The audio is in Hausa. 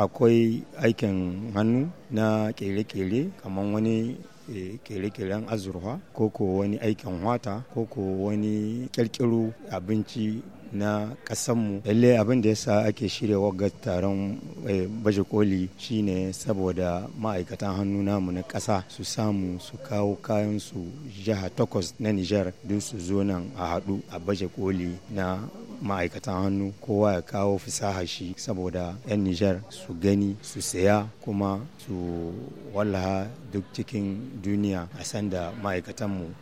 akwai aikin hannu na kere-kere kamar wani eh, kere-keren azurfa ko ko wani aikin wata ko ko wani kirkiro abinci na kasanmu lalle abin da yasa ake shirya ga taron eh, baje koli shine saboda ma'aikatan hannu namu na ƙasa su samu su kawo kayansu jiha takwas na nijar don su zo nan a haɗu a baje koli na ma'aikatan hannu kowa ya kawo fasaha shi saboda 'yan nijar su gani su saya kuma su wallaha duk cikin duniya a sanda ma'aikatanmu